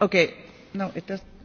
okay no it does